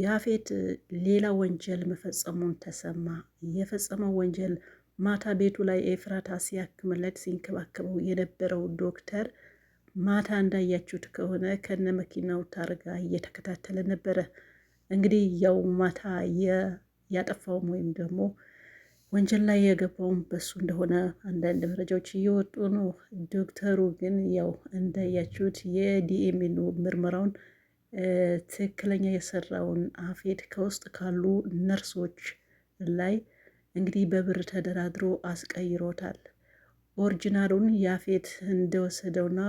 ያፌት ሌላ ወንጀል መፈጸሙን ተሰማ። የፈጸመው ወንጀል ማታ ቤቱ ላይ ኤፍራታ ሲያክምለት ሲንከባከበው የነበረው ዶክተር ማታ እንዳያችሁት ከሆነ ከነ መኪናው ታርጋ እየተከታተለ ነበረ። እንግዲህ ያው ማታ ያጠፋውም ወይም ደግሞ ወንጀል ላይ የገባውም በሱ እንደሆነ አንዳንድ መረጃዎች እየወጡ ነው። ዶክተሩ ግን ያው እንዳያችሁት የዲኤንኤ ምርመራውን ትክክለኛ የሰራውን አፌድ ከውስጥ ካሉ ነርሶች ላይ እንግዲህ በብር ተደራድሮ አስቀይሮታል። ኦሪጂናሉን የአፌድ እንደወሰደውና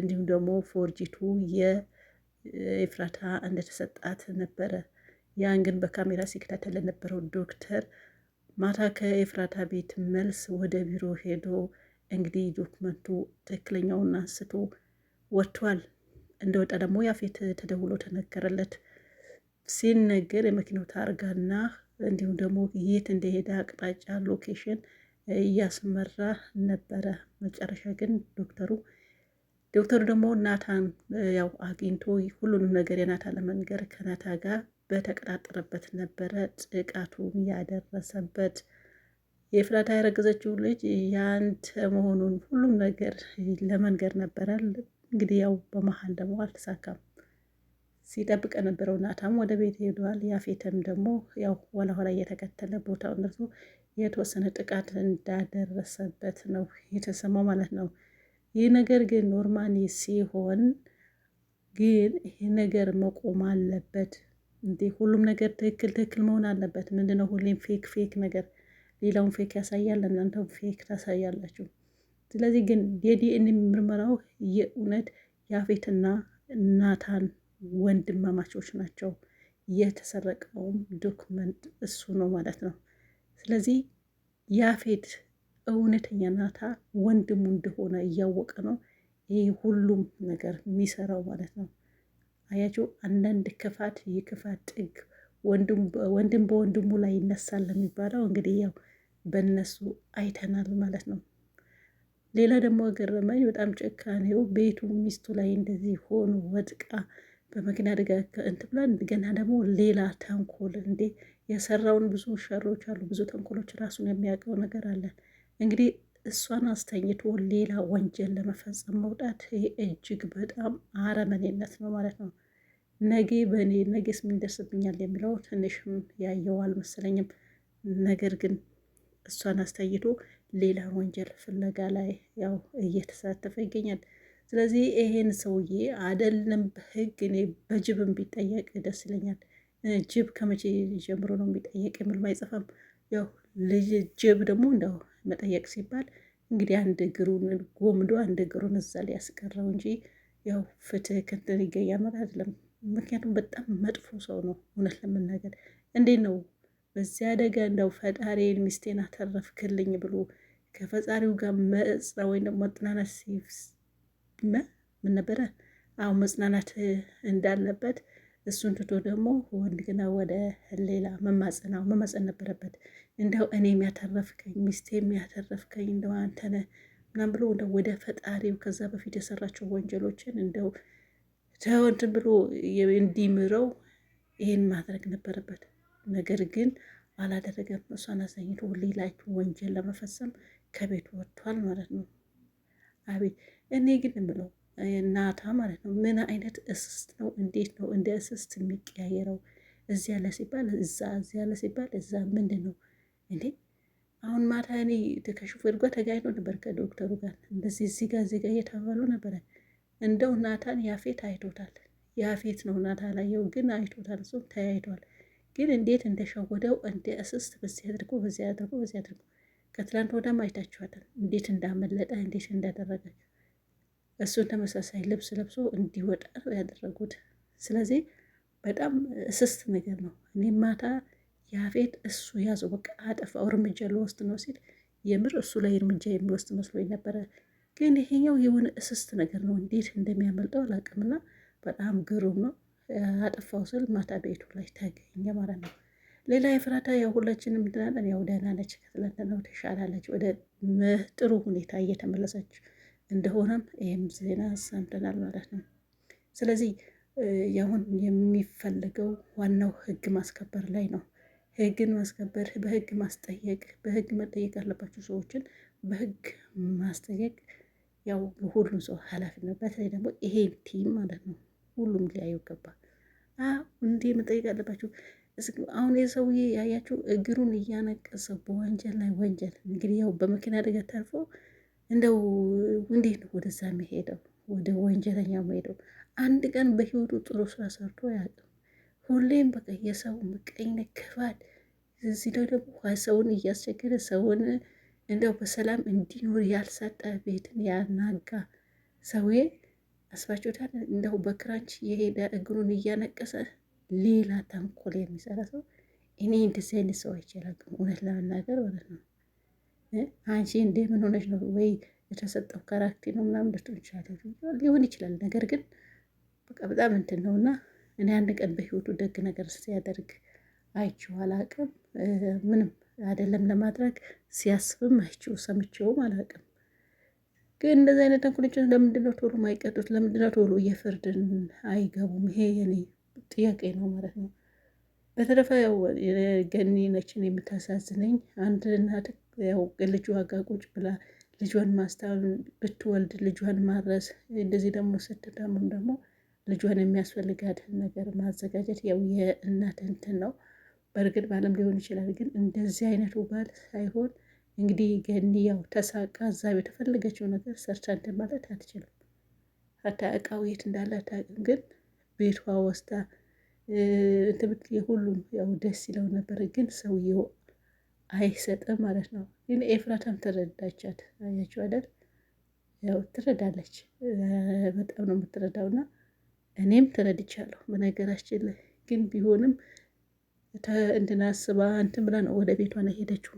እንዲሁም ደግሞ ፎርጂቱ የኤፍራታ እንደተሰጣት ነበረ። ያን ግን በካሜራ ሲከታተል ለነበረው ዶክተር ማታ ከኤፍራታ ቤት መልስ ወደ ቢሮ ሄዶ እንግዲህ ዶክመንቱ ትክክለኛውን አንስቶ ወጥቷል። እንደወጣ ደግሞ ያፌት ተደውሎ ተነገረለት። ሲነገር የመኪናው ታርጋና እንዲሁም ደግሞ የት እንደሄደ አቅጣጫ ሎኬሽን እያስመራ ነበረ። መጨረሻ ግን ዶክተሩ ዶክተሩ ደግሞ ናታን ያው አግኝቶ ሁሉንም ነገር የናታ ለመንገር ከናታ ጋር በተቀጣጠረበት ነበረ ጥቃቱ ያደረሰበት። የኤፍራታ ያረገዘችው ልጅ ያንተ መሆኑን ሁሉም ነገር ለመንገር ነበረ። እንግዲህ ያው በመሀል ደግሞ አልተሳካም። ሲጠብቅ የነበረው ናታም ወደ ቤት ሄደዋል። ያፌትም ደግሞ ያው ኋላ ኋላ እየተከተለ ቦታው እነሱ የተወሰነ ጥቃት እንዳደረሰበት ነው የተሰማው ማለት ነው። ይህ ነገር ግን ኖርማሊ ሲሆን ግን ይህ ነገር መቆም አለበት። እንዴ ሁሉም ነገር ትክክል ትክክል መሆን አለበት። ምንድነው ሁሌም ፌክ ፌክ ነገር ሌላውን ፌክ ያሳያል፣ እናንተም ፌክ ታሳያላችሁ። ስለዚህ ግን የዲኤንኤ ምርመራው የእውነት ያፌትና ናታን ወንድማማቾች ናቸው። የተሰረቀውም ዶክመንት እሱ ነው ማለት ነው። ስለዚህ ያፌት እውነተኛ ናታ ወንድሙ እንደሆነ እያወቀ ነው ይህ ሁሉም ነገር የሚሰራው ማለት ነው። አያችሁ አንዳንድ ክፋት የክፋት ጥግ ወንድም በወንድሙ ላይ ይነሳል የሚባለው እንግዲህ ያው በነሱ አይተናል ማለት ነው። ሌላ ደግሞ ገረመኝ በጣም ጭካኔው ቤቱ ሚስቱ ላይ እንደዚህ ሆኑ ወድቃ በመኪና አደጋ እንትን ብላ ገና ደግሞ ሌላ ተንኮል እንዴ የሰራውን ብዙ ሸሮች አሉ፣ ብዙ ተንኮሎች ራሱን የሚያውቀው ነገር አለ። እንግዲህ እሷን አስተኝቶ ሌላ ወንጀል ለመፈጸም መውጣት ይሄ እጅግ በጣም አረመኔነት ነው ማለት ነው። ነጌ በእኔ ነጌስ ምን ይደርስብኛል የሚለው ትንሽም ያየው አልመሰለኝም ነገር ግን እሷን አስተይቶ ሌላ ወንጀል ፍለጋ ላይ ያው እየተሳተፈ ይገኛል። ስለዚህ ይሄን ሰውዬ አይደለም በህግ እኔ በጅብም ቢጠየቅ ደስ ይለኛል። ጅብ ከመቼ ጀምሮ ነው የሚጠየቅ የሚል አይጸፋም። ያው ልጅ ጅብ ደግሞ እንደው መጠየቅ ሲባል እንግዲህ አንድ እግሩን ጎምዶ አንድ እግሩን እዛ ላይ ያስቀረው እንጂ ያው ፍትህ ከንትን ይገኛል ማለት አይደለም። ምክንያቱም በጣም መጥፎ ሰው ነው እውነት ለመናገር እንዴት ነው በዚያ አደጋ እንደው ፈጣሪን ሚስቴን አተረፍክልኝ ብሎ ከፈጣሪው ጋር መጽ ወይም ደግሞ መጽናናት ምን ነበረ አሁ መጽናናት እንዳለበት እሱን ትቶ ደግሞ ወንድግና ወደ ሌላ መማጸናው መማጸን ነበረበት። እንደው እኔም ያተረፍከኝ ሚስቴም ያተረፍከኝ እንደው አንተነ ምናም ብሎ እንደው ወደ ፈጣሪው ከዛ በፊት የሰራቸው ወንጀሎችን እንደው ተወንትን ብሎ እንዲምረው ይህን ማድረግ ነበረበት። ነገር ግን አላደረገም። እሷን አዘኝቶ ሌላይቱ ወንጀል ለመፈጸም ከቤት ወጥቷል ማለት ነው። አቤት እኔ ግን የምለው እናታ ማለት ነው ምን አይነት እስስት ነው? እንዴት ነው እንደ እስስት የሚቀያየረው? እዚ ያለ ሲባል እዛ፣ እዚያ ያለ ሲባል እዛ። ምንድን ነው እንዴ? አሁን ማታ እኔ ከሹፌር ጋር ተጋይቶ ነበር ከዶክተሩ ጋር እንደዚህ እዚህ ጋር እዚህ ጋር ነበረ። እንደው ናታን ያፌት አይቶታል። ያፌት ነው ናታ ላየው ግን አይቶታል። እሱም ተያይቷል። ግን እንዴት እንደሸወደው እንደ እስስት በዚህ አድርጎ በዚህ አድርጎ በዚህ አድርጎ ከትላንት ወዳም አይታችኋታል። እንዴት እንዳመለጠ እንዴት እንዳደረገ እሱን ተመሳሳይ ልብስ ለብሶ እንዲወጣ ነው ያደረጉት። ስለዚህ በጣም እስስት ነገር ነው። እኔ ማታ ያፌት እሱ ያዘው በቃ አጠፋው እርምጃ ልወስድ ነው ሲል የምር እሱ ላይ እርምጃ የሚወስድ መስሎ ነበረ። ግን ይሄኛው የሆነ እስስት ነገር ነው። እንዴት እንደሚያመልጠው አላቅምና በጣም ግሩም ነው። አጠፋው ስል ማታ ቤቱ ላይ ተገኘ ማለት ነው። ሌላ የፍራታ ያው ሁላችንም ምድናለን ያው ደህና ነች፣ ከትላንትናው ተሻላለች፣ ወደ ጥሩ ሁኔታ እየተመለሰች እንደሆነም ይህም ዜና ሰምተናል ማለት ነው። ስለዚህ ያሁን የሚፈልገው ዋናው ህግ ማስከበር ላይ ነው። ህግን ማስከበር፣ በህግ ማስጠየቅ፣ በህግ መጠየቅ ያለባቸው ሰዎችን በህግ ማስጠየቅ ያው ሁሉም ሰው ኃላፊነት በተለይ ደግሞ ይሄ ቲም ማለት ነው ሁሉም ሊያዩ ይገባል። እንዴ መጠየቅ አለባችሁ። አሁን የሰውዬ ያያችሁ እግሩን እያነቀሰ በወንጀል ላይ ወንጀል እንግዲህ ያው በመኪና አደጋ ተርፎ እንደው እንዴት ነው ወደዛ የሚሄደው ወደ ወንጀለኛ መሄደው? አንድ ቀን በህይወቱ ጥሩ ስራ ሰርቶ ያቅም። ሁሌም በቃ የሰው ምቀኝነት፣ ክፋት እዚህ ላይ ደግሞ ሰውን እያስቸገረ ሰውን እንደው በሰላም እንዲኖር ያልሰጠ ቤትን ያናጋ ሰውዬ አስባችሁታል? እንደው በክራንች የሄደ እግሩን እያነቀሰ ሌላ ተንኮል የሚሰራ ሰው እኔ እንደዚህ አይነት ሰው አይቻላግም፣ እውነት ለመናገር ማለት ነው። አንቺ እንዴ ምን ሆነች ነው ወይ የተሰጠው ካራክቲ ነው ምናምን ደርቶ ሊሆን ይችላል። ነገር ግን በቃ በጣም እንትን ነው እና እኔ አንድ ቀን በህይወቱ ደግ ነገር ሲያደርግ አይቼው አላቅም። ምንም አይደለም ለማድረግ ሲያስብም አይቼው ሰምቼውም አላቅም። ግን እንደዚህ አይነት ተንኮሎችን ለምንድነው ቶሎ ማይቀጡት? ለምንድነው ቶሎ እየፍርድን አይገቡም? ይሄ የኔ ጥያቄ ነው ማለት ነው። በተረፈ ገኒ ነችን የምታሳዝነኝ አንድ እናት ያው ልጇ ጋር ቁጭ ብላ ልጇን ማስታል ብትወልድ ልጇን ማድረስ እንደዚህ ደግሞ ስትታመም ደግሞ ልጇን የሚያስፈልጋትን ነገር ማዘጋጀት ያው የእናት እንትን ነው። በእርግጥ ባለም ሊሆን ይችላል። ግን እንደዚህ አይነቱ ባል ሳይሆን እንግዲህ ገኒ ያው ተሳቃ እዛ ቤት የፈለገችው ነገር ሰርቻ እንትን ማለት አትችልም። ሀታ እቃው የት እንዳለ አታውቅም። ግን ቤቷ ወስዳ ትምህርት የሁሉም ያው ደስ ይለው ነበር፣ ግን ሰውየው አይሰጥም ማለት ነው። ግን ኤፍራታም ተረዳቻት። አያችሁ አይደል? ያው ትረዳለች፣ በጣም ነው የምትረዳው። እና እኔም ተረድቻለሁ በነገራችን ላይ ግን ቢሆንም እንድናስባ እንትን ብላ ነው ወደ ቤቷ ነው ሄደችው።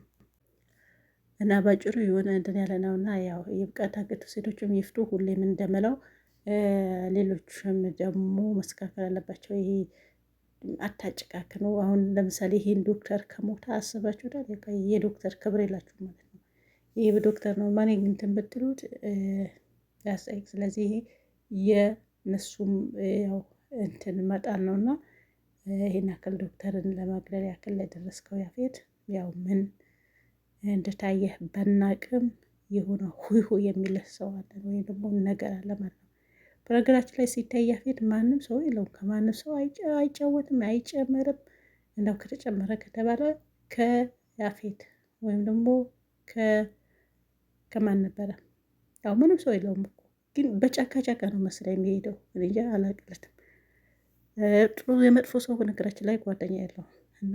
እና ባጭሩ የሆነ እንትን ያለ ነው እና ያው ይብቃን። ታገቱ ሴቶችም ይፍቱ። ሁሌም እንደምለው ሌሎችም ደግሞ መስተካከል አለባቸው። ይሄ አታጭቃክኑ። አሁን ለምሳሌ ይሄን ዶክተር ከሞታ አስባችሁታል? የዶክተር ክብር የላችሁ ማለት ነው። ይሄ በዶክተር ነው ማን እንትን ብትሉት ያስጠይቅ። ስለዚህ ይሄ የነሱም ያው እንትን መጣል ነው እና ይሄን ያክል ዶክተርን ለማግለል ያክል ለደረስከው ያፌት ያው ምን እንደታየህ በናቅም የሆነ ሁሁ የሚል ሰው አለ ወይም ደግሞ ነገር አለ ማለት ነው። በነገራችን ላይ ሲታይ ያፌት ማንም ሰው የለውም። ከማንም ሰው አይጫወትም፣ አይጨመርም። እንደው ከተጨመረ ከተባለ ከያፌት ወይም ደግሞ ከማን ነበረ? ያው ምንም ሰው የለውም እኮ ግን በጫካ ጫካ ነው መስለኝ የሚሄደው። እኔ አላቅለትም። ጥሩ የመጥፎ ሰው በነገራችን ላይ ጓደኛ የለውም እና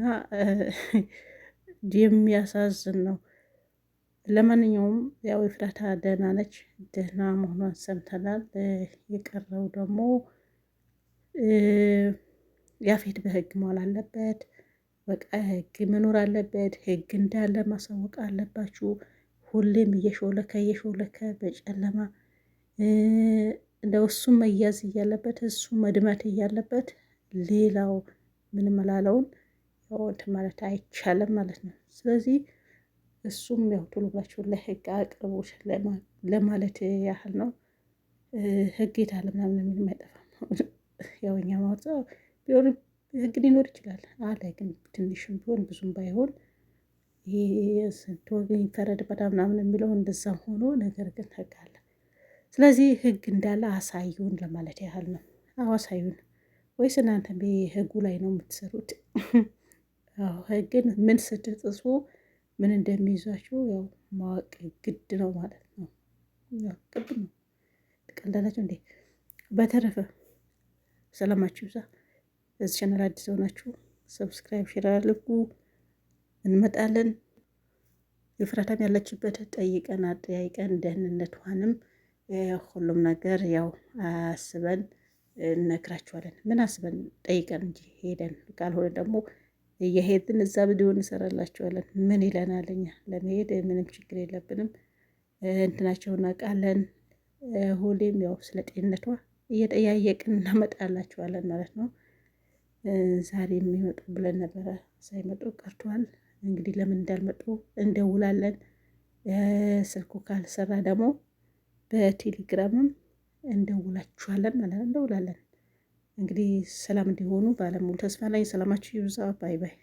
የሚያሳዝን ነው። ለማንኛውም ያው ኤፍራታ ደህና ነች፣ ደህና መሆኗን ሰምተናል። የቀረው ደግሞ ያፌት በህግ መዋል አለበት። በቃ ህግ መኖር አለበት። ህግ እንዳለ ማሳወቅ አለባችሁ። ሁሌም እየሾለከ እየሾለከ በጨለማ እንደው እሱም መያዝ እያለበት እሱ መድመት እያለበት ሌላው ምን መላለውን እንትን ማለት አይቻልም ማለት ነው። ስለዚህ እሱም ያው ቶሎ ብላችሁ ለህግ አቅርቦት ለማለት ያህል ነው። ህግ የታለ ምናምን የሚል አይጠፋም። ያው እኛ ቢሆን ህግ ሊኖር ይችላል አለ። ግን ትንሽም ቢሆን ብዙም ባይሆን ስንት ወግ ይፈረድበታል ምናምን የሚለው እንደዛም ሆኖ ነገር ግን ህግ አለ። ስለዚህ ህግ እንዳለ አሳዩን ለማለት ያህል ነው። አዎ አሳዩን። ወይስ እናንተ ህጉ ላይ ነው የምትሰሩት? ግን ምን ስትጥሱ ምን እንደሚይዟችሁ ያው ማወቅ ግድ ነው ማለት ነው። ግድ ነው። ትቀልዳላችሁ እንዴ? በተረፈ ሰላማችሁ ይብዛ። እዚህ ቻናል አዲስ ሆናችሁ ሰብስክራይብ፣ ሼር አድርጉ። እንመጣለን። የፍራታም ያለችበት ጠይቀን አጠያይቀን ደህንነቷንም ሁሉም ነገር ያው አስበን እነግራችኋለን። ምን አስበን ጠይቀን እንጂ ሄደን ካልሆነ ደግሞ እየሄድን እዛ ቪዲዮን እንሰራላችኋለን። ምን ይለናል? እኛ ለመሄድ ምንም ችግር የለብንም። እንትናቸው እናውቃለን። ሁሌም ያው ስለ ጤንነቷ እየጠያየቅን እናመጣላችኋለን ማለት ነው። ዛሬ የሚመጡ ብለን ነበረ፣ ሳይመጡ ቀርቷል። እንግዲህ ለምን እንዳልመጡ እንደውላለን። ስልኩ ካልሰራ ደግሞ በቴሌግራምም እንደውላችኋለን ማለት እንደውላለን። እንግዲህ ሰላም እንዲሆኑ ባለሙሉ ተስፋ ላይ ሰላማችሁ ይብዛ። ባይ ባይ።